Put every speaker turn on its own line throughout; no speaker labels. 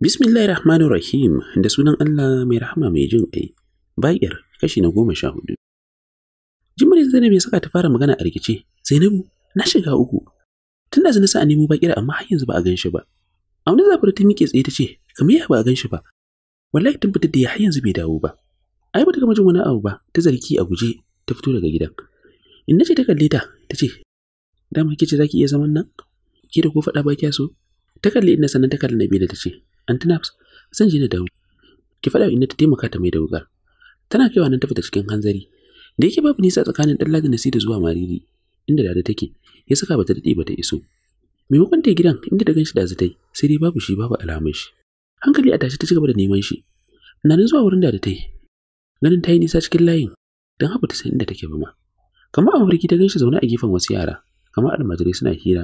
Bismillahir Rahmanir Rahim da sunan Allah mai rahama mai jin ƙai. Baƙir kashi na goma sha hudu. Jimrin Zainab ya saka ta fara magana a rikice. Zainabu, na shiga uku. Tun da zan sa a nemo Baƙir amma har yanzu ba a gan shi ba. Auna zafar ta miƙe tsaye ta ce, kamar ya ba a gan shi ba. Wallahi tun fitar da ya har yanzu bai dawo ba. Ai ta gama jin wani abu ba, ta zargi a guje ta fito daga gidan. Inna ce ta kalle ta ta ce dama ke ce za ki iya zaman nan Ke da ko faɗa ba kya so ta kalle inna sannan ta kalle nabila ta ce antinaps zan je na dawo ki faɗa inna ta taimaka ta mai da wuƙa tana kaiwa nan ta fita cikin hanzari da yake babu nisa tsakanin ɗan ladi nasi da zuwa mariri inda da take ya saka bata daɗe ba ta iso maimakon ta gidan inda da ganshi da zatai sai dai babu shi babu alamun shi hankali a tashi ta cigaba da neman shi na zuwa wurin da ta yi ganin ta yi nisa cikin layin don haka san inda take ba ma kamar a wurgi ta ganshi zaune a gefen wasu yara kamar almajirai suna hira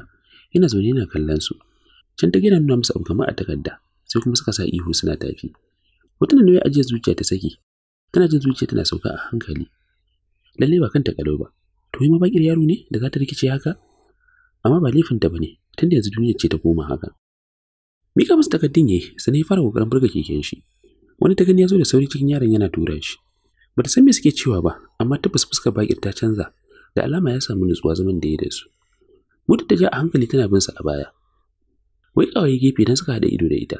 yana zaune yana kallon su can ta gina nuna musu abu kamar a takarda sai kuma suka sa ihu suna tafi wata da nauyi ajiyar zuciya ta saki tana jin zuciya tana sauka a hankali lalle ba kanta kalo ba to ma bakir yaro ne da za ta rikice haka amma ba laifin ta bane da yanzu duniya ce ta koma haka mika musu takardun yayi sai ya fara kokarin burga keken shi wani ta gani ya zo da sauri cikin yaron yana tura shi bata san me suke cewa ba amma ta fuskar bakir ta canza da alama ya samu nutsuwa zaman da ya da su. Mutu ta ja a hankali tana bin sa a baya. Wai kawai gefe dan suka hada ido da ita,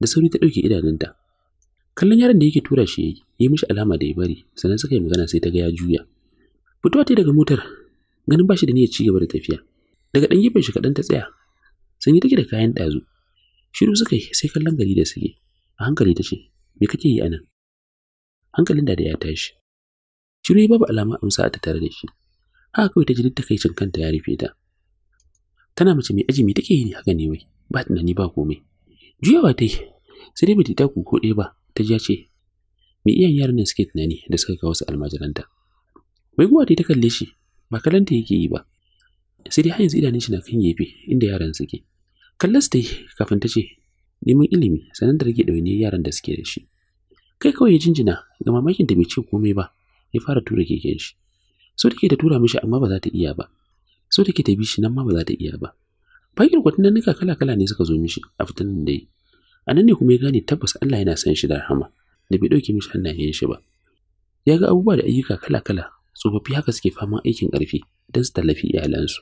da sauri ta ɗauke idanunta. Kallon yaron da yake tura shi yayi, yi mishi alama da ya bari, sannan suka yi magana sai ta ga ya juya. Fitowa ta daga motar, ganin ba shi da niyyar ci gaba da tafiya. Daga ɗan gefen shi kaɗan ta tsaya, sun yi take da kayan ɗazu. Shiru suka yi sai kallon gari da suke, a hankali ta ce, me kake yi anan? Hankalin da da ya tashi. Shiru ya babu alama amsa a tare da shi. haka kawai ta ji duk takaicin kanta ya rufe ta tana mace mai ajimi take yi haka ne wai ba tunani ba komai juyawa ta yi sai dai bata taku ko ɗaya ba ta ja ce me iyayen yaran nan suke tunani da suka kawo su almajiranta Mai guwa ta kalle shi ba kalanta yake yi ba sai dai har yanzu idanun shi na kan gefe inda yaran suke kallas ta yi kafin ta ce neman ilimi sannan da rage ɗawainiyar yaran da suke da shi kai kawai ya jinjina ga mamakin da bai ce komai ba ya fara tura keken shi so take ta tura mishi amma ba za ta iya ba so take ta bi shi nan ma ba za ta iya ba bakin nan nika kala-kala ne suka zo mishi a fitan da yi a nan ne kuma ya gane tabbas Allah yana san shi da rahama da bai ɗauke mishi hannayen shi ba ya ga abubuwa da ayyuka kala-kala tsofaffi haka suke fama aikin ƙarfi don su tallafi iyalansu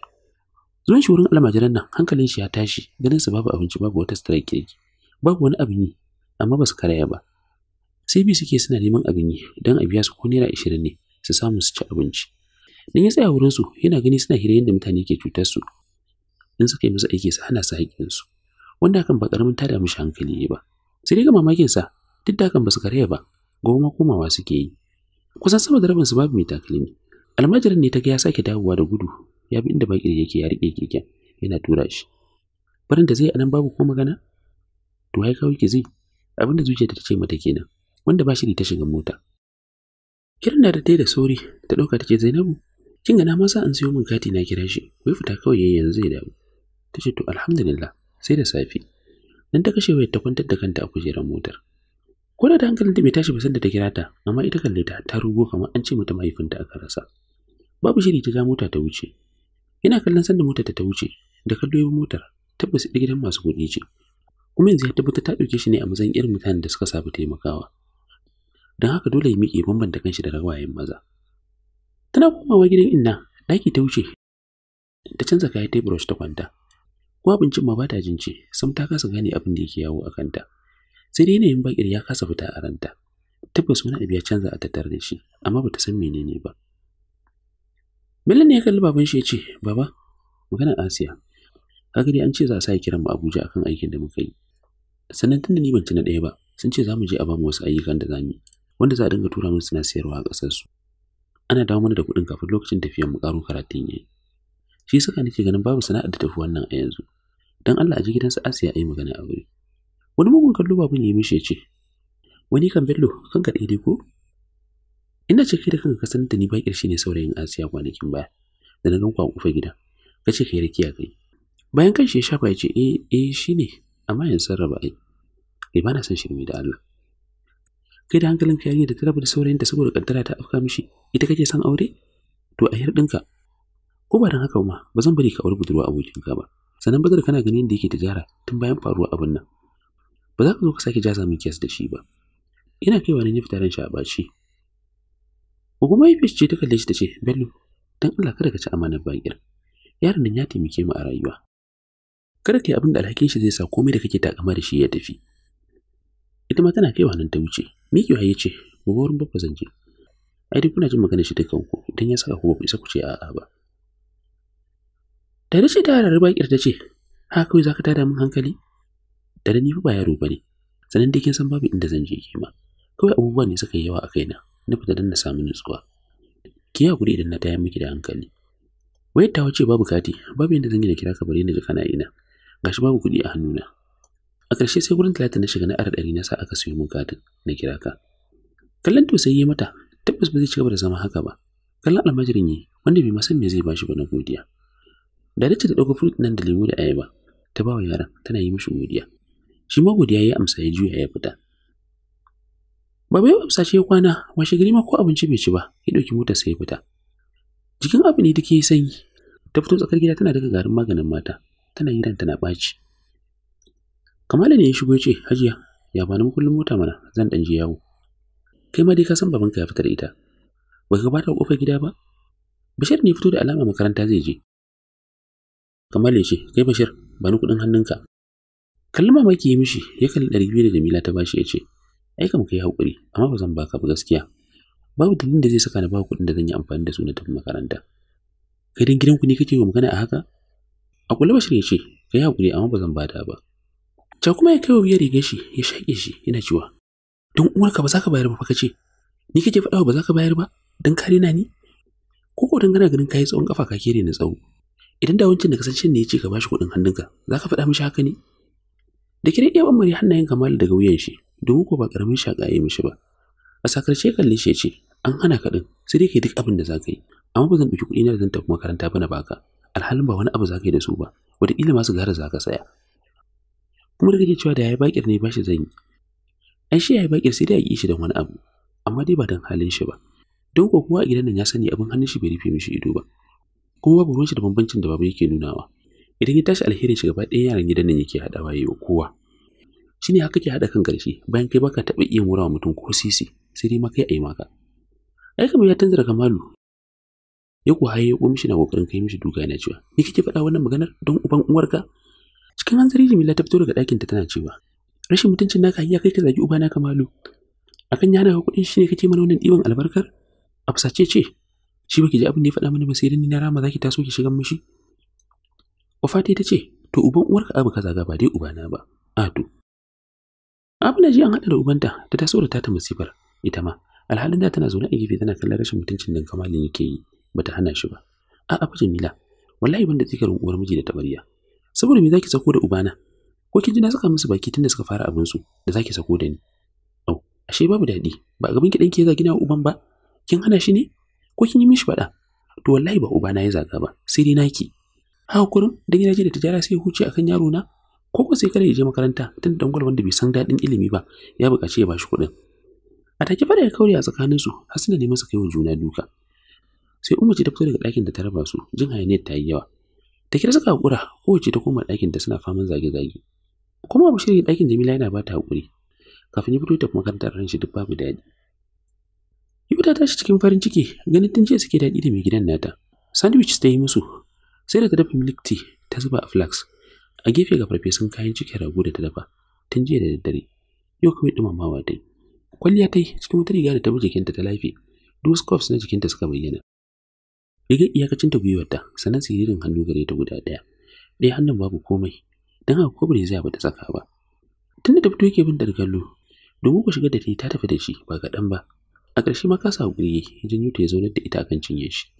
zuwan shi wurin almajiran nan hankalin shi ya tashi ganin su babu abinci babu wata sitarar kirki babu wani abin yi amma ba su karaya ba sai bi suke suna neman abin yi don a biya su ko naira ashirin ne su samu su ci abinci Dan ya tsaya wurin su yana gani suna hira yadda mutane ke cutar su. In suka yi musu aiki su hana sa haƙin su. Wanda hakan ba karamin tada mishi hankali ba. Sai dai ga mamakin sa duk da hakan ba su karya ba. Gobe ma komawa suke yi. Kusan sama da rabin su babu mai takalmi. Almajirin ne ta ga ya sake dawowa da gudu ya bi inda bakir yake ya rike keken yana tura shi. Barin da zai anan babu ko magana? To ai kawai ki zai abin da zuciyarta ta ce mata kenan wanda ba shi da ta shiga mota. Kiran da ta da sauri ta ɗauka ta ce Zainabu kin ga na ma an siyo min kati na kira shi wai fita kawai yayi yanzu zai dawo ta ce to alhamdulillah sai da safe dan ta kashe wayar ta kwantar da kanta a kujerar motar ko da hankalin ta bai tashi ba sanda ta kira ta amma ita kalle ta ta rugo kamar an ce mata mahaifinta aka rasa babu shiri ta ga mota ta wuce ina kallon sanda mota ta ta wuce da kallo motar tabbas gidan masu kuɗi ce kuma yanzu ya tabbata ta ɗauke shi ne a matsayin irin mutanen da suka sabu taimakawa don haka dole ya miƙe bambanta kanshi da rawayen maza tana komawa gidan inna ɗaki ta wuce ta canza kayan ta ta kwanta Kuma abincin ma ba ta jin ce sam ta kasa gane abin da yake yawo a kanta sai dai yanayin bakir ya kasa fita a ranta tabbas wani abu ya canza a tattare da shi amma bata san menene ba Bello ne ya kalli baban shi ya ce baba magana Asiya kaga dai an ce za a sa kiran mu Abuja akan aikin da muka yi sannan tunda ni ban ci na ɗaya ba sun ce za mu je a ba mu wasu ayyukan da za mu yi wanda za a dinga tura min suna sayarwa a ƙasarsu. su ana dawo mana da kuɗin kafin lokacin tafiyar mu ƙaro karatun yayi shi saka nake ganin babu sana'ar da tafi wannan a yanzu dan Allah a ji gidansa Asiya ai magana a wuri wani mugun kallo babu ne mishi ce wani kan bello kan gade dai ko ina ce kai da kanka san da ni bakir shine saurayin Asiya kwanakin baya da na gan ku a kofar gidan kace kai rakiya kai bayan kan shi ya shafa ya ce eh eh shine amma yanzu raba ai ba na san shirme da Allah kai da hankalin ka yarinya da ta raba da saurayinta saboda kaddara ta afka mishi ita kake son aure to a hir ɗinka ko ba dan haka ma ba zan bari ka aure budurwa abokin ka ba sanan bazar kana ganin da yake tijara tun bayan faruwa abin nan ba za ka zo ka sake jaza min kiyas da shi ba ina kaiwa ne fita ran shi a baci kuma ya ce ta kalle shi ta ce, Bello, dan Allah kada ka ci amanar bakir. Yaron nan ya taimake mu a rayuwa. Kada ka yi abin da alhakin shi zai sa komai da kake takama da shi ya tafi. Ita ma tana kaiwa nan ta wuce. Miki ya ce, gobe wurin babba zan je. Ai dai kuna jin magana shi kanku, idan ya saka ku ba isa ku ce a'a ba. Da na ce ta kir ta ce, "Ha kai zaka ka tada min hankali? Da ni fa ba yaro ba ne, sanan dai kin san babu inda zan je ke ma. Kawai abubuwan ne suka yawa a kaina, na fita don na samu nutsuwa. Ki ya guri idan na taya miki da hankali. Wai ta wace babu kati, babu inda zan yi da kira ka bare ni da kana ina. Gashi babu kuɗi a hannuna, a ƙarshe sai gurin talata na shiga na ara ɗari na sa aka siyo min gadin na kira ka kallon tausayi sai yi mata tabbas ba zai cigaba da zama haka ba kallon almajirin yi wanda bai masan me zai bashi ba na godiya da ta ɗauka fruit nan da lemu da ayaba ta ba wa yaran tana yi mishi godiya shi ma godiya ya amsa ya juya ya fita Baba ya amsa ce kwana, washe gari ma ko abinci bai ci ba, ya ɗauki motar sai ya fita. Jikin abu ne duk ke sanyi. Ta fito tsakar gida tana daga garin maganin mata, tana yi tana ɓaci. Kamala ne ya shigo ya ce, Hajiya, ya bani makullin mota mana zan ɗan je yawo. Kai ma dai ka san ka ya fita da ita. Ba ka bata kofar gida ba? Bashir ne fito da alama makaranta zai je. Kamala ya ce, Kai Bashir, bani kuɗin hannunka. Kallon mamaki ya mishi, ya kalli ɗari biyu da Jamila ta bashi ya ce, Ai kam kai haƙuri, amma ba zan baka ba gaskiya. Babu dalilin da zai saka na ba kuɗin da zan yi amfani da su na tafi makaranta. Kai dan gidanku ne kake wa magana a haka? A kula Bashir ya ce, Kai haƙuri amma ba zan bada ba. Ca kuma ya kai wa biyar shi ya shaƙe shi yana cewa don uwarka ba za ka bayar ba ka ce ni kake faɗawa ba za ka bayar ba don kare na ni ko ko dangana gana ganin kayi tsawon ƙafa ka kere na tsawo idan da wancan da kasancen ne ya ce ka bashi kuɗin hannunka za ka faɗa mishi haka ne da kira iya bambari hannayen kamala daga wuyan shi domin ko ba ƙaramin shaƙa ya yi mishi ba a sakarce kalle shi ya ce an hana ka ɗin sai dai ke duk abin da za ka yi amma ba zan ɗauki kuɗi na da zan tafi makaranta ba na baka alhalin ba wani abu za ka yi da su ba wataƙila masu gara za ka saya kuma da kake cewa da yayi bakir ne bashi zan yi an shi yayi bakir sai dai a kishi da wani abu amma dai ba dan halin shi ba don ko kowa a gidan nan ya sani abin hannun shi bai rufe mishi ido ba kuma babu ruwan shi da bambancin da baba yake nunawa idan ya tashi alheri shi gaba ɗaya yaran gidan nan yake haɗawa yi wa kowa ne haka ke haɗa kan ƙarshe bayan kai baka taɓa iya murawa mutum ko sisi sai dai ma kai a yi maka ai kamar ya tanzara kamalu ya kuwa haye ya shi na kokarin kai mishi duka yana cewa ni kike faɗa wannan maganar don uban uwarka cikin hanzari Jamila ta fito daga ɗakinta tana cewa rashin mutuncin naka ya kai ka zagi ubana Kamalu akan yana ga kuɗin shine kake mana wannan ɗiban albarkar a fusace ce shi baki ji abin da ya faɗa mana ba sai ni na rama zaki taso ki shigan mishi Wafati ta ce to uban uwarka abu kaza ba dai ubana ba a to abin da ji an haɗa da ubanta ta taso da tata musibar ita ma alhalin da tana zaune a gefe tana kallon rashin mutuncin nan Kamalu yake yi bata hana shi ba a'a fa Jamila wallahi ban da tsikarin uwar miji da tabariya saboda me zaki sako da ubana ko kin ji na saka musu baki tunda suka fara abin su da zaki sako da ni au ashe babu daɗi ba gaban ki danki ya zagi na uban ba kin hana shi ne ko kin yi mishi fada to wallahi ba ubana ya zaga ba sai dai naki haka kurum da gina je da tijara sai ya huce akan yaro na ko ko sai kada ya je makaranta tun dan gwal wanda bai san daɗin ilimi ba ya buƙaci ya bashi kuɗin a take fara ya kauri a tsakaninsu har suna neman su kai wa juna duka sai umma ce ta fito daga ɗakin da ta raba su jin hayaniyar ta yi yawa da kira suka haƙura kowace ta koma ɗakin ta suna faman zage-zage kuma abu shirya ɗakin jamila yana bata haƙuri kafin ya fito ta makarantar ran shi duk babu daɗi Yi ta tashi cikin farin ciki ganin tun jiya suke daɗi da mai gidan nata sandwich ta yi musu sai da ta dafa milk tea ta zuba a flax a gefe ga farfesun kayan cikin rago da ta dafa tun jiya da daddare yau kawai dumamawa ta yi kwalliya ta yi cikin wata riga da ta bi jikinta ta lafi duk scarves na jikinta suka bayyana rigar iyakacin ta gwiwarta sannan siririn hannu gare ta guda ɗaya ɗaya hannun babu komai don haka ko bai zai ba ta saka ba tunda ta fito yake bin da kallo domin ku shigar da ta ta tafi da shi ba kaɗan ba a ƙarshe ma kasa haƙuri ya janyo ta ya zaunar da ita akan cinye shi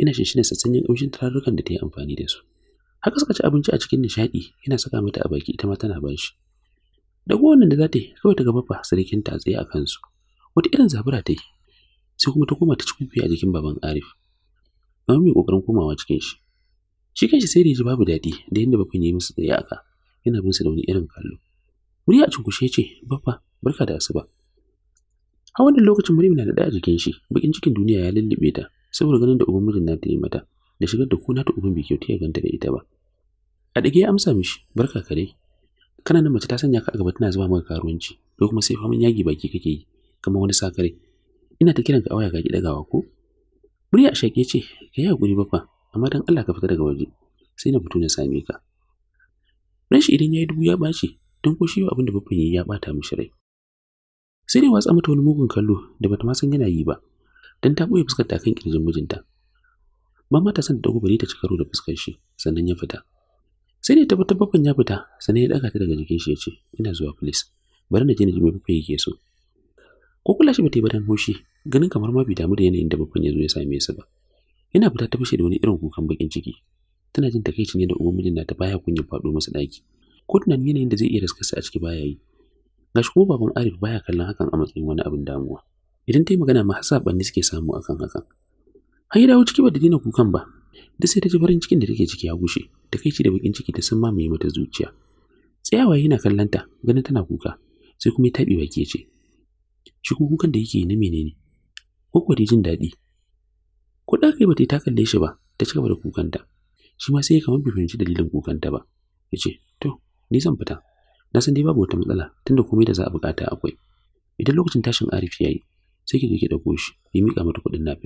yana shinshina sassanyen ƙamshin tararrukan da ta yi amfani da su haka suka ci abinci a cikin nishaɗi yana saka mata a baki ita ma tana ban shi da wannan da za ta yi kawai ta gaba fa sarkin ta tsaye a kansu wata irin zabura ta yi sai kuma ta koma ta ci kufi a jikin baban arif amma mai kokarin komawa cikin shi shi kanshi sai da ji babu daɗi da yadda baffan ya yi musu tsaye aka yana bin su da wani irin kallo muri a cunkushe ce baffa barka da asuba a wannan lokacin muri na da a jikin shi bakin cikin duniya ya lullube ta saboda ganin da uban mijin ta yi mata da shigar da kuna ta uban bai kyauta ya ganta da ita ba a ɗage ya amsa mishi barka kare kana nan mace ta sanya ka a gaba tana zuba maka karuwanci ko kuma sai famin yagi baki kake yi kamar wani sakare ina ta kiran ka a waya ga ki ko Murya a shaƙe ce, ka yi haƙuri bafa, amma don Allah ka fita daga waje, sai na fito na same ka. Ran shi idan ya yi dubu ya ɓaci, don ko shi abin da baffan ya yi ya ɓata mishi rai. Sai dai watsa mata wani mugun kallo da bata ma san yana yi ba, don ta ɓoye fuskar ta kan ƙirjin mijinta. Mamma ta san ta ɗauko bari ta ci karo da fuskar shi, sannan ya fita. Sai dai tabbatar bafin ya fita, sannan ya ɗaga ta daga jikin shi ya ce, ina zuwa filis, bari na je na ji me ya yake so. Ko kula shi ba ta yi ba don haushi, ganin kamar ma bai damu da yanayin da babban ya zo ya same su ba yana fita ta fashe da wani irin kukan bakin ciki tana jin takaici ne da uban mijin nata baya kunya fado masa ɗaki ko tunanin yanayin da zai iya raskarsa a ciki baya yi gashi kuma baban Arif baya kallon hakan a matsayin wani abin damuwa idan ta yi magana ma saɓanni suke samu akan hakan har ya dawo ciki ba da dina kukan ba duk sai ta ji farin cikin da take ciki ya gushe takaici da bakin ciki ta san mamaye mata zuciya tsayawa yana kallon ta ganin tana kuka sai kuma ya taɓe baki ce shi kukan da yake na menene ko kuwa jin daɗi. Ko da kai bata yi ta kalle shi ba, ta ci gaba da kukanta. Shi ma sai ya kamar bai fahimci dalilin kukanta ba. Ya ce, To, ni zan fita. Na san dai babu wata matsala tunda komai da za a bukata akwai. Idan lokacin tashin Arif ya yi, sai ki ki ɗauko shi, ya miƙa mata kuɗin Ka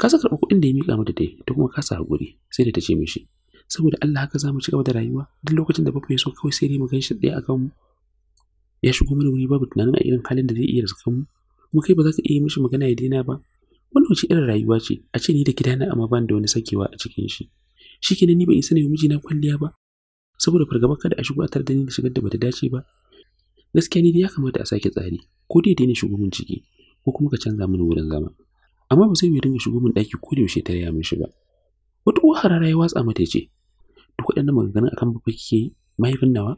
Kasa karɓar kuɗin da ya miƙa mata dai, ta kuma ka sa haƙuri, sai da ta ce mishi, saboda Allah haka za mu ci gaba da rayuwa, duk lokacin da babu ya so kawai sai dai mu ganshi ɗaya a kanmu. Ya shigo mana wuri babu tunanin a irin halin da zai iya riska mu, kuma kai ba za ka iya mishi magana ya daina ba wannan wace irin rayuwa ce a ce ni da gidana amma ban da wani sakewa a cikin shi shikenan ni ban isa ne mijina kwalliya ba saboda fargaba kada a shigo a tardani ni da shigar da bata dace ba gaskiya ni ya kamata a sake tsari ko dai daina shigo min ciki ko kuma ka canza mini wurin zama amma ba sai mai dinga shigo min daki ko da yaushe ta raya min shi ba wata uwar ya watsa mata ce duk waɗannan maganganun akan babba kike yi mahaifin nawa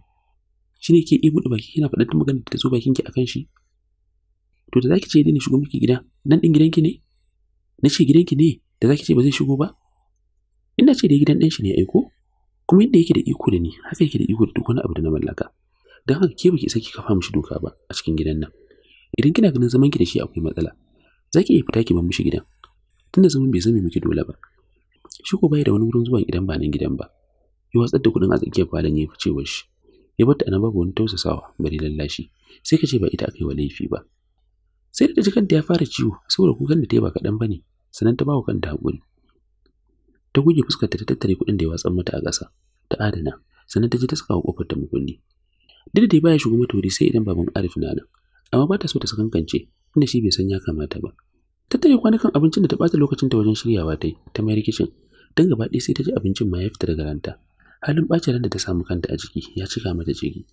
shine ke iya buɗe baki kina faɗar da magana da ta zo bakin ki akan shi to da zaki ce dai ne shigo miki gida nan din gidanki ne na ce gidanki ne da zaki ce ba zai shigo ba ina ce dai gidan dan shi ne aiko kuma inda yake da iko da ni haka yake da iko da duk wani abu da na mallaka dan haka ke baki saki kafa mishi doka ba a cikin gidan nan idan kina ganin zaman ki da shi akwai matsala zaki iya fita ki bar mishi gidan tunda zaman bai zame miki dole ba Shigo ko bai da wani wurin zuwa idan ba nan gidan ba ya watsar da kuɗin a tsakiyar falon ya fice wa shi ya bar ta ana babu wani tausasawa bari lallashi sai ka ce ba ita aka wa laifi ba sai da ta kanta ya fara ciwo saboda kukan da ta yi ba kaɗan ba ne sannan ta ba kanta haƙuri ta guje fuskar ta tattare kuɗin da ya watsan mata a ƙasa ta adana sannan ta ji ta saka wa ƙofar ta mukunni. duk da baya shigo mata wuri sai idan baban arif na nan amma ba ta so ta sakankance inda shi bai san ya kamata ba tattare kwanukan abincin da ta ɓata lokacin ta wajen shiryawa ta yi ta mayar kicin don gaba ɗaya sai ta ji abincin ma ya fita daga ranta halin ɓacin ran da ta samu kanta a jiki ya cika mata jiki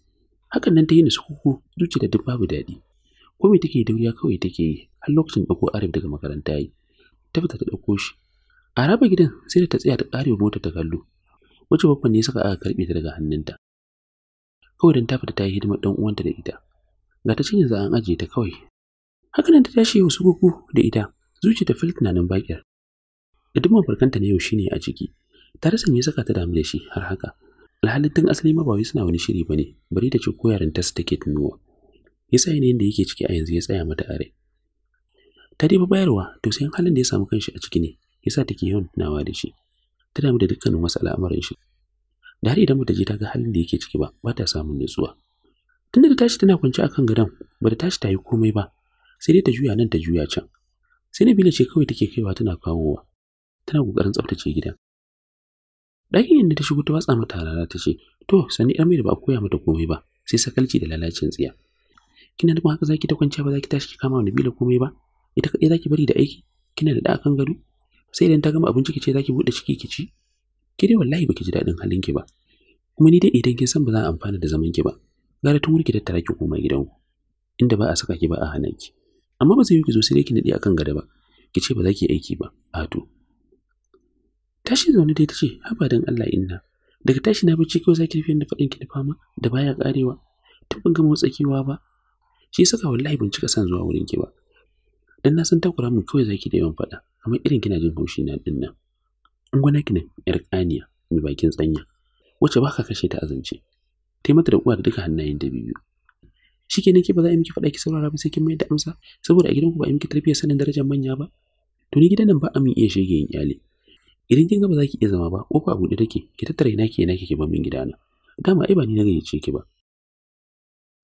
hakan nan ta yi ni sukuku zuciya da duk babu daɗi ko me take da kawai take yi har lokacin ɗauko arif daga makaranta yi ta fita ta ɗauko shi a raba gidan sai da ta tsaya ta ƙarewa mota ta kallo wacce babban ne saka aka karbe ta daga hannunta kawai don ta fita ta yi hidimar dan uwanta da ita ga ta cinye za an ajiye ta kawai haka nan ta tashi wasu kuku da ita zuci ta fil tunanin bakiyar da duk mafarkanta na yau shine a ciki ta rasa me saka ta damu da shi har haka alhalin tun asali mabawai suna wani shiri bane bari ta ce ko yaran ta su take tunuwa ya sa ne da yake ciki a yanzu ya tsaya mata a rai ta dai bayarwa to sai halin da ya samu kanshi a ciki ne yasa take yawan tunawa da shi ta damu da dukkanin wasu al'amuran shi da har idan bata je ta ga halin da yake ciki ba ba ta samun nutsuwa tunda da tashi tana kwance akan gadon ba ta tashi ta yi komai ba sai dai ta juya nan ta juya can sai Nabila ce kawai take kaiwa tana kawowa tana kokarin tsaftace gidan ɗakin yanda ta shigo ta watsa mata rana ta ce to sani mai da ba a koya mata komai ba sai sakalci da lalacin tsiya kina da haka zaki ta kwanciya ba zaki tashi ki kama wani bila komai ba ita kadai zaki bari da aiki kina da da kan gado sai idan ta gama abinci kice zaki bude ciki ki ci ki dai wallahi baki ji dadin halin ki ba kuma ni dai idan kin san ba za a amfana da zaman ki ba gara tun wurki tattara ki koma gidanku inda ba a saka ki ba a hana ki amma ba zai yi ki zo sai dai ki nadi akan gado ba ki ce ba zaki ki aiki ba a to tashi zaune dai ta ce haba dan Allah inna daga tashi na bacci kawai zaki rufe da faɗin ki da fama da baya karewa tun ban gama ba shi saka wallahi ban cika son zuwa wurin ki ba dan na san takura min kawai zaki da yawan faɗa amma irin kina jin haushi na din nan an gwana ki ne yar kaniya mai bakin tsanya wacce baka kashe ta azance tai mata da uwa da duka hannayen da biyu shike ne ki ba za a yi miki faɗa ki saurara ba sai kin mai da amsa saboda a gidanku ba a yi miki tarbiyyar sanin darajar manya ba to ni gidan nan ba a min iya shege yin iyali idan kin ga ba za ki iya zama ba ko a buɗe take ki tattara ina ki ina kike ban min gidana dama ai ba ni na gayyace ki ba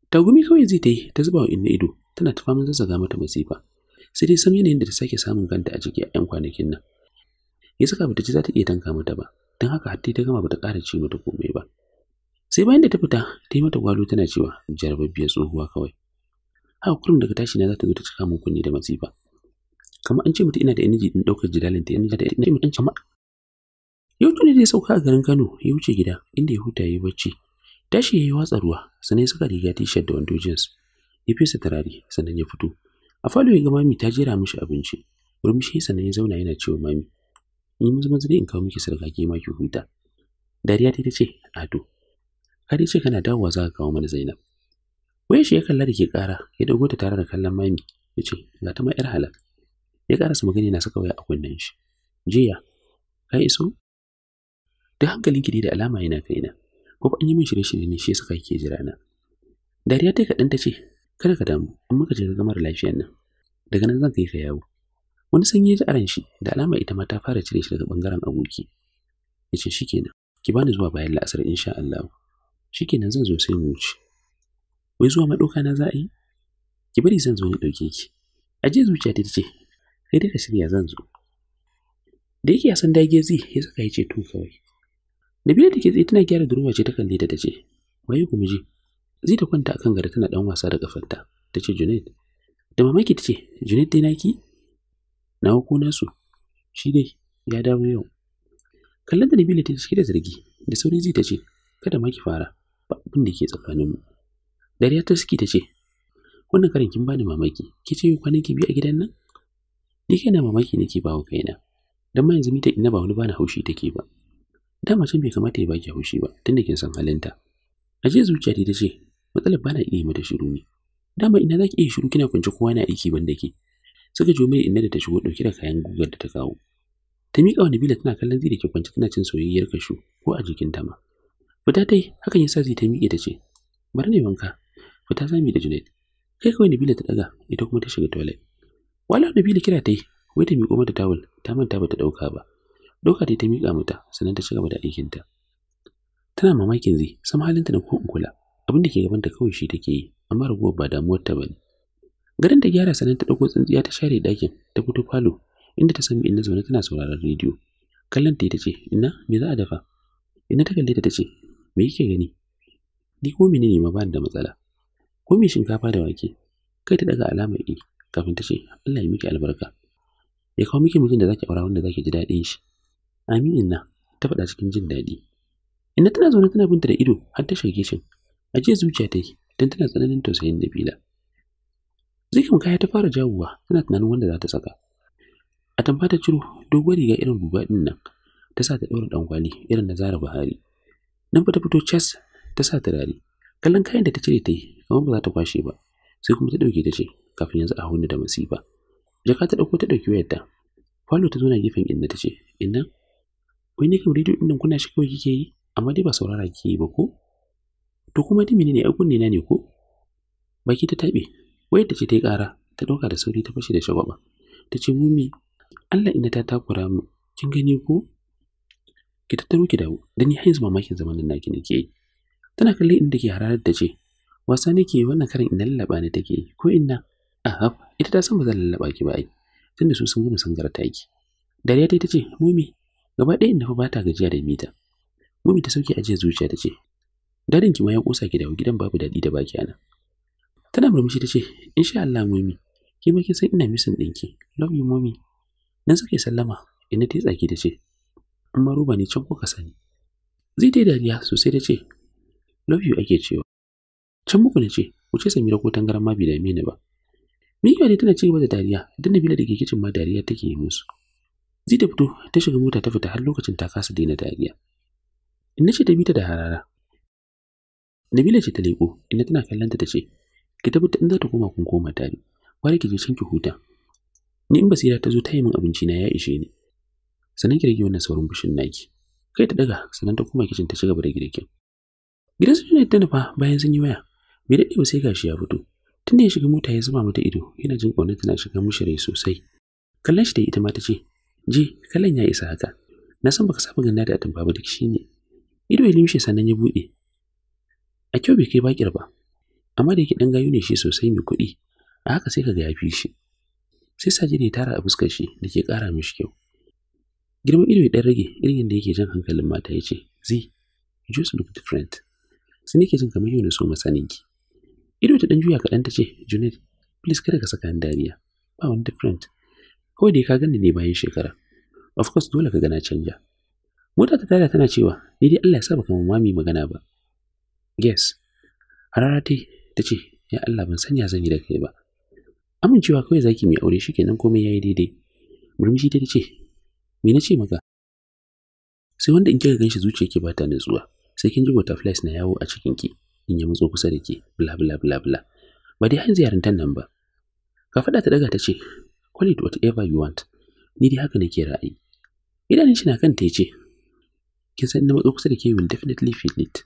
tagumi kawai zai ta yi ta zuba wa inna ido tana ta faman zazzaga mata masifa sai dai sam yanayin da ta sake samun ganta a ciki a 'yan kwanakin nan ya saka bata ci za ta iya tanka mata ba don haka hatta ta gama bata ƙara ci mata komai ba sai bayan da ta fita ta yi mata gwalo tana cewa jarababbiyar tsohuwa kawai haka kurum daga tashi na za ta zo ta cika mun kunne da masifa kamar an ce mata ina da energy din ɗaukar jidalin ta yanzu da energy mutum yau tuni dai sauka a garin Kano ya wuce gida inda ya huta ya yi bacci Tashi ya yi watsa ruwa, sannan suka riga t-shirt da wando jeans. Ya fesa turare, sannan ya fito. A falo ya ga mami ta jera mishi abinci. Murmushi sannan ya zauna yana cewa mami, "Ni maza maza zai in kawo miki sarka ke ma ki huta." Dariya ta ce, "Ado, ka ce kana dawowa za ka kawo mana Zainab." Wai shi ya kalla da ke ƙara, ya dago ta tare da kallon mami, ya ce, "Ga ta ma 'yar halak." Ya su magana yana saka waya a kunnen shi. Jiya, ka iso? da hankalin kidi da alama yana kaina. ba an yi min shirye-shirye ne shi saka yake jira na dariya ta kaɗan ta ce kada ka damu in maka je gamar mara lafiyar nan daga nan zan kai ka yawo wani sanyi ji aran shi da alama ita ma ta fara cire shi daga bangaren aboki ya ce shikenan ki bani zuwa bayan la'asar insha Allah shikenan zan zo sai mu wuce wai zuwa maɗauka na za a yi ki bari zan zo ni ɗauke ki Ajiye zuciya ta ce sai dai ka shirya zan zo da yake ya san dage zai ya saka ya ce to kawai Nabila da ke tsaye tana gyara durowa ce ta da ta tace, "Waye kuma ji?" Zai ta kwanta akan gada tana dan wasa da kafanta Ta ce Junaid. Da mamaki ta ce, "Junaid dai naki?" Nawa ko nasu? Shi dai ya dawo yau. Kallon da Nabila ta cike da zargi, da sauri zai ta ce, "Kada ma ki fara, ba abin da ke tsakaninmu." Dariya ta suke ta ce, "Wannan karin kin bani mamaki, ki ce kwanan ki biyu a gidan nan?" Ni kaina mamaki nake bawa kaina. don ma yanzu mita ina ba wani bana haushi take ba. dama can bai kamata ya baki haushi ba tunda kin san halinta a je zuciya ta ce matsalar bana iya mata shiru ne dama ina zaki iya shiru kina kwance kowa na aiki banda ke suka jo mai inna da ta shigo dauke da kayan gugar da ta kawo ta miƙa wani Nabila tana kallon zai da ke kwance tana cin soyayyar kashu ko a jikin ta ma fita tai, hakan yasa zai ta miƙe ta ce bari ne wanka fita sami da Junaid kai kawai Nabila ta daga ita kuma ta shiga toilet wala Nabila kira ta yi wai ta miƙo mata tawul ta manta ba ta dauka ba Doka ta miƙa mata sannan ta ci gaba da aikinta. Tana mamakin zai Sama halinta da ko in kula abin da ke ta kawai shi take yi amma ragowar ba damuwar ta ne. Garin ta gyara sannan ta ɗauko tsintsiya ta share ɗakin ta fito falo inda ta sami inna zaune tana sauraron rediyo. Kallon ta ce inna me za a dafa? Inna ta kalle ta ta ce me yake gani? Ni ko menene ma ni da matsala. Ko me shinkafa da wake? Kai ta ɗaga alama E kafin ta ce Allah ya miki albarka. Ya kawo miki mutum da zaki aura wanda za ki ji daɗin shi. Aminin na, ta faɗa cikin jin daɗi. Inna tana zaune tana binta da ido har ta gishin shin. Ajiye zuciya ta yi, don tana tsananin tausayin Nabila. Zikin kaya ta fara jawowa, tana tunanin wanda za ta saka. A tamba ta ciro doguwar riga irin buba ɗin nan, ta sa ta ɗaura ɗankwali irin na Zara Buhari. Nan fa ta fito cas, ta sa rari. Kallon kayan da ta cire ta yi, kamar ba za ta kwashe ba. Sai kuma ta ɗauke ta ce, kafin yanzu a hunni da masifa. Jaka ta ɗauko ta ɗauki wayarta. Falo ta zo na gefen inna ta ce, Inna, wai ne kan rediyo ɗin kuna shi kawai kike yi amma dai ba saurara kike yi ba ko to kuma dai menene ai kunne na ne ko baki ta tabe wai ta ce ta yi ƙara ta ɗauka da sauri ta fashe da shagwaba ta ce mumi Allah ina ta takura mu kin gani ko ki tattaro ki dawo da ni har mamakin zamanin naki nake yi tana kalli inda ke hararar da ce wasa nake wannan karin ina lallaba ne take ko inna ahab ita ta san ba zan lallaba ki ba ai tunda su sun gama sangar taki dariya ta ce mumi gaba ɗaya ɗayan fa ba ta gajiya da mita mumi ta sauke ajiyar zuciya ta ce darin ki ma ya kosa ki dawo gidan babu daɗi da baki ana tana murmushi ta ce insha Allah mumi ki ma kin san ina misin ɗinki love you mumi nan suke sallama ina ta tsaki ta ce in ma roba ne can kuka sani zai ta dariya sosai ta ce love you ake cewa can muku na ce wuce samira ko tangaran ma bi dame ni ba Mikiwa ne tana ci gaba da dariya, don Nabila da ke kicin ma dariya take yi musu. Zai ta fito ta shiga mota ta fita har lokacin ta kasa daina dariya. Inna ce ta bi ta da harara. Nabila ce ta leƙo, inda tana kallon ta ta ce, Ki tabbata in za ta koma kun koma tare, ware ki je can ki huta. Ni in basira ta zo ta yi min abinci na ya ishe ni. Sannan ki rage wannan saurin bushin naki. Kai ta daga sannan ta koma kicin ta ci gaba da girkin. Gidan su ne ta nufa bayan sun yi waya. Bai daɗe ba sai gashi ya fito. Tunda ya shiga mota ya zuba mata ido, yana jin ƙaunar tana shiga mishi rai sosai. Kallon shi da ita ma ta ce, Ji, kalan ya isa haka. Na san baka saba ganna da atamfa babu duk shine. Ido ya limshe sannan ya bude. A kyau bai kai bakir ba. Amma da yake dan gayu ne shi sosai mai kuɗi. A haka sai kaga ya fi shi. Sai sajida ya tara a fuskar shi da ke ƙara mishi kyau. Girman ido ya dan rage irin yadda yake jan hankalin mata ya ce, Zi, you just look different. Sai nake jin kamar yau na so masaninki. Ido ta dan juya kaɗan ta ce, Junaid, please kada ka saka ni dariya. Ba wani different. kawai da ka gani ne bayan shekara of course dole ka gana canja mota ta tada tana cewa ni dai Allah ya sa baka mami magana ba yes harara ta ta ce ya Allah ban sanya zan yi da kai ba amincewa kawai zaki mai aure shi kenan komai yayi daidai murmushi ta ce me na ce maka sai wanda in kika ganshi zuciyarki ba ta nutsuwa sai kin ji butterflies na yawo a cikin ki in ya mutso kusa da ke bla bla bla bla ba dai hanzu yarintan nan ba ka faɗa ta daga ta ce call it whatever you want ni dai haka nake ra'ayi idan shi na kanta ya ce kin san na matso kusa da ke will definitely feel it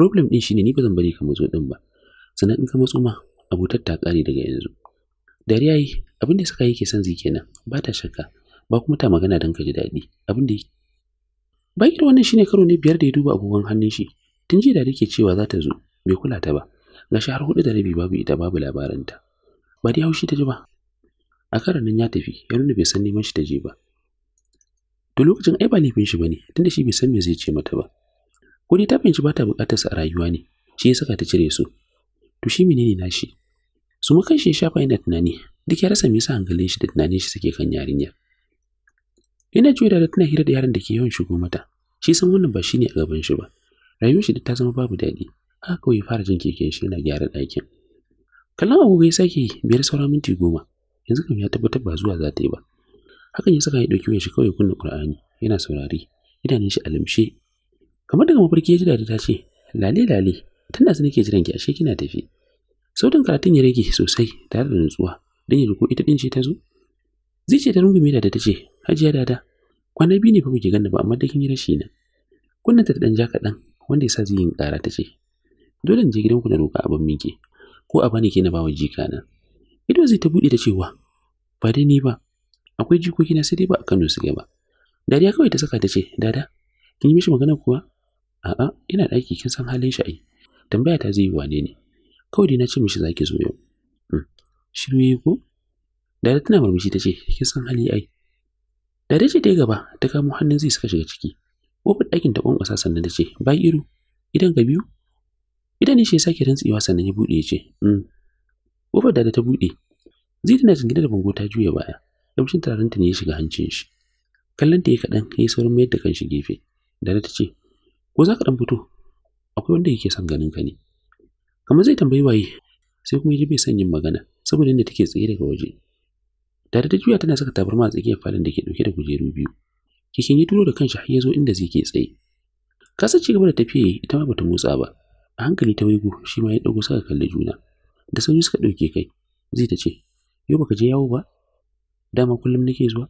problem din shine ni ba zan bari ka matso din ba sannan in ka matso ma abutar ta kare daga yanzu dariya yayi abin da suka yi ke son zai kenan ba ta shakka ba kuma ta magana don ka ji daɗi abin da Baki da wannan shine karo ne biyar da ya duba agogon hannun shi. Tun jiya da ke cewa za ta zo, bai kula ta ba. Gashi har hudu da rabi babu ita babu labarinta. Ba dai haushi ta ji ba, a karan nan ya tafi ya nuna bai san neman shi ta je ba to lokacin ai ba nufin shi bane tunda shi bai san me zai ce mata ba ko dai ta fahimci ba ta bukatar sa a rayuwa ne shi ya saka ta cire su to shi menene nashi su ma shi ya shafa yana tunani duk ya rasa me yasa hankalin shi da tunanin shi suke kan yarinyar Ina juya da tana hira da yaran da ke yawan shigo mata. Shi san wannan ba shine a gaban shi ba. Rayuwar shi ta zama babu daɗi. Haka kawai fara jin keken shi yana gyara ɗakin. Kallon agogo ya sake yi biyar saura minti goma. yanzu kam ya tabbatar ba zuwa za ta yi ba hakan ya saka ya ɗauki wayar shi kawai kunna Qur'ani yana saurari idanun shi a kamar daga mafarki ya ji dadi ta ce lale lale tun da nake jiran ki ashe kina tafi sautin karatun ya rage sosai tare da nutsuwa dan ya ko ita din ce ta zo zai ce ta rungume da ta ce hajiya dada kwana biyu ne fa muke ganna ba amma da kin yi rashi na kunna ta dan ja kaɗan wanda ya sa zai yin ƙara ta ce dole in je gidanku na roƙa abin miki ko a bani ke na bawa jika na ido zai ta buɗe da cewa ba dai ni ba akwai jikoki na sai dai ba a Kano suke ba dariya kawai ta saka ta ce dada kin yi mishi magana kuwa a'a ina da aiki kin san halin shi ai tambaya ta zai yi wane ne kawai dai na ce mishi zaki zo yau hmm, shiru ne ko dada tana murmushi ta ce kin san hali ai dada ce ta gaba ta kamo hannun zai suka shiga ciki kofar ɗakin ta kwankwasa sannan ta ce ba iru idan ka biyu idan ne shi ya sake rantsewa sannan ya buɗe ya ce hmm, Kofar da ta buɗe. Zai na jingina da bango ta juya baya. Kamshin ta ne ya shiga hancin shi. Kallon ta yi kaɗan ya yi saurin mayar da kanshi gefe. Dada ta ce, Ko za ka ɗan fito? Akwai wanda yake son ganin ka ne. Kamar zai tambayi waye, sai kuma ya ji bai son yin magana saboda inda take tsaye daga waje. Dada ta juya tana saka tabarma a tsakiyar falon da ke ɗauke da kujeru biyu. Kikin ya turo da kanshi har ya zo inda zai ke tsaye. Kasa ci gaba da tafiya ita ma bata motsa ba. A hankali ta waigo shi ma ya ɗago saka kalli juna. da sauri suka ɗauke kai zai ta ce yau baka je yawo ba dama kullum nake zuwa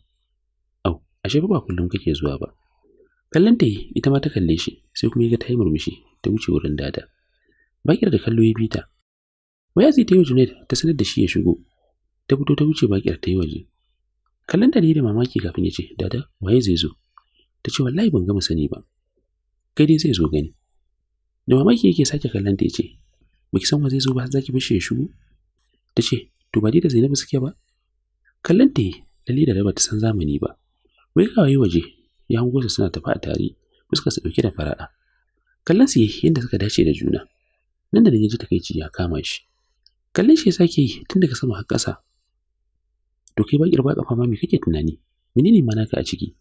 au ashe ba kullum kake zuwa ba kallon ta yi ita ma ta kalle shi sai kuma ya ga ta yi murmushi ta wuce wurin dada bakir da kallo ya bi ta waya zai ta yi wa junaid ta sanar da shi ya shigo ta fito ta wuce bakir ta yi waje kallon ta ne da mamaki kafin ya ce dada waye zai zo ta ce wallahi ban gama sani ba kai dai zai zo gani da mamaki yake sake kallon ta ya ce Baki san wa zai zo ba zaki ki shi ya shigo ta ce to ba da zainabu suke ba kallon ta dalila da ba ta san zamani ba wai kawai waje ya hango su suna tafi a tare fuskar su dauke da fara'a kallon su yadda suka dace da juna nan da nan ya ji takaici ya kama shi kallon shi ya sake yi tun daga sama har ƙasa to kai ba kirba kafa ma me kake tunani menene ma naka a ciki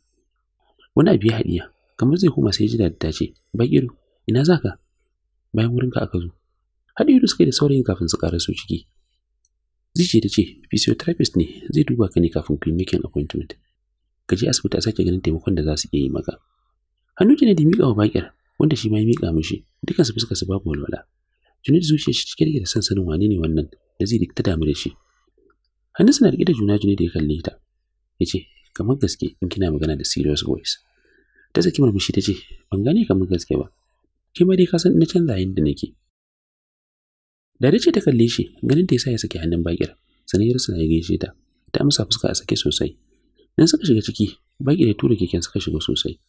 wani abu ya haɗiya kamar zai koma sai ji da ta ce bakiru ina zaka bayan wurinka aka zo haɗe ido suka da saurayin kafin su ƙara su ciki zice ta ce physiotherapist ne zai duba ka ne kafin ku yi making appointment ka je asibiti a sake ganin taimakon da za su iya yi maka hannu ne da mika wa bakir wanda shi ma ya miƙa mishi dukkan su fuskar su babu walwala Junaid zuciyar shi cike da son sanin wane ne wannan da zai dikta damu da shi hannu suna riƙe da juna Junaid ya kalle ta ya ce kamar gaske in kina magana da serious voice ta saki murmushi ta ce ban gane kamar gaske ba ke ma dai kasan ina canza yayin da nake da ce ta kalle shi, ganin ta yasa ya saki hannun bakir, sannan ya ya gaishe ta, ta amsa fuska a sake sosai. Dan suka shiga ciki, bakir ya tura keken suka shiga sosai.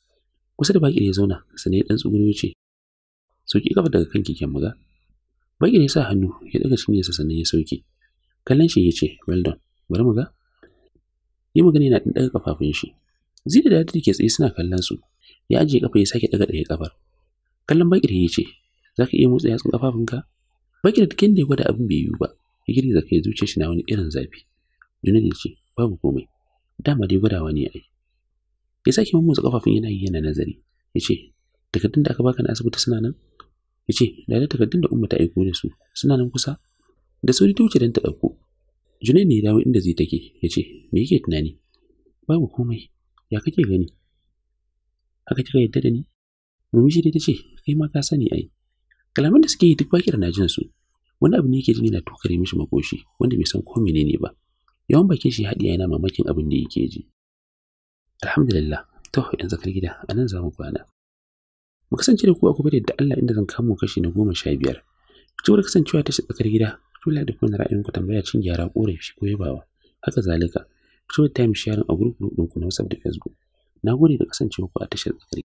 Kusa da bakir ya zauna, sanayyar ya dan tsuguro ce, sauki kafa daga kan keken maza. Bakir ya sa hannu, ya daga cinyarsa sannan ya sauke. Kallon shi ya ce, well done, bari mu Yi magana yana ɗan ɗaga kafafun shi. Zida da Hadi ke tsaye suna kallon su, ya ajiye kafa ya sake ɗaga ɗaya kafar. Kallon bakir ya ce, za ka iya motsa yatsun kafafunka? Baki da tikin da ya gwada abin bai yiwu ba, ya girgiza kai zuciya shi na wani irin zafi. ya ce, babu komai, dama dai gwadawa ne ai. Ya sake mamutsa kafafun yana yi yana nazari, ya ce, takardun da aka baka na asibiti suna nan? Ya ce, da takardun da Umma ta aiko da su, suna nan kusa? Da sauri ta wuce don ta ɗauko. Junai ne ya dawo inda zai take, ya ce, me yake tunani? Babu komai, ya kake gani? Haka kika yadda da ni? Murmushi dai ta ce, kai ma ka sani ai, kalaman da suke yi duk baki na jin su wani abu ne yake jin yana tukare mishi makoshi wanda bai san ko menene ba yawan bakin shi hadiya yana mamakin abin da yake ji alhamdulillah to yanzu kar gida anan za mu kwana mu kasance da ku a gobe da Allah inda zan kamo kashi na goma sha biyar ku kasancewa ta tsakar gida kula da kuma ra'ayin ku tambaya cin gyara korafi ko yabawa haka zalika ku time sharing a group group ɗinku na WhatsApp da Facebook na gode da kasancewa ku a tashar tsakar